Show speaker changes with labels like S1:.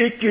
S1: et que